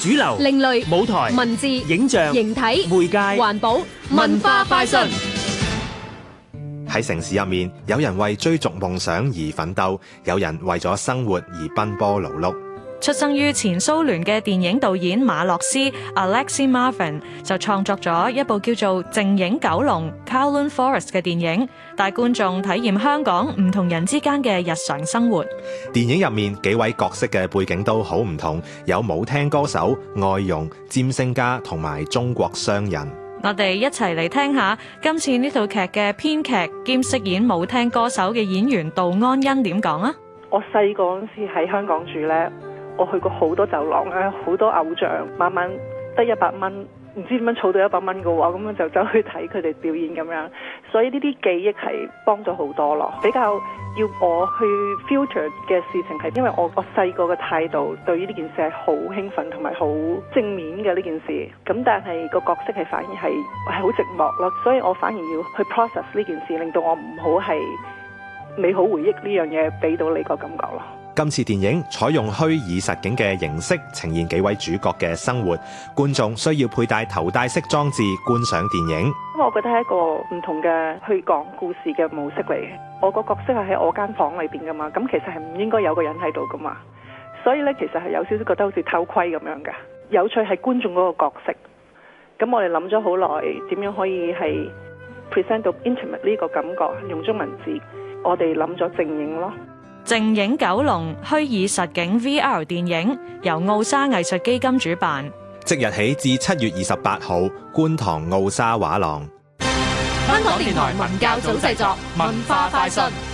主流、另類、舞台、文字、影像、形體、媒介、環保、文化快訊。喺城市入面，有人為追逐夢想而奮鬥，有人為咗生活而奔波勞碌。出生於前蘇聯嘅電影導演馬洛斯 Alexey Marvin 就創作咗一部叫做《靜影九龍 Kowloon Forest》嘅電影，帶觀眾體驗香港唔同人之間嘅日常生活。電影入面幾位角色嘅背景都好唔同，有舞廳歌手、外傭占星家同埋中國商人。我哋一齊嚟聽下今次呢套劇嘅編劇兼飾演舞廳歌手嘅演員杜安恩點講啊。我細個嗰時喺香港住咧。我去過好多走廊啊，好多偶像，晚晚得一百蚊，唔知點樣儲到一百蚊嘅話，咁樣就走去睇佢哋表演咁樣。所以呢啲記憶係幫咗好多咯。比較要我去 filter 嘅事情係因為我我細個嘅態度對於呢件事係好興奮同埋好正面嘅呢件事。咁但係個角色係反而係係好寂寞咯。所以我反而要去 process 呢件事，令到我唔好係美好回憶呢樣嘢，俾到你個感覺咯。今次電影採用虛擬實景嘅形式呈現幾位主角嘅生活，觀眾需要佩戴頭戴式裝置觀賞電影。因為我覺得係一個唔同嘅去講故事嘅模式嚟嘅。我個角色係喺我間房間裏邊噶嘛，咁其實係唔應該有個人喺度噶嘛。所以咧，其實係有少少覺得好似偷窺咁樣嘅。有趣係觀眾嗰個角色。咁我哋諗咗好耐，點樣可以係 present 到 intimate 呢個感覺？用中文字，我哋諗咗正影咯。靜影九龍虛擬實景 VR 電影，由奧沙藝術基金主辦，即日起至七月二十八號，觀塘奧沙畫廊。香港電台文教組製作，文化快訊。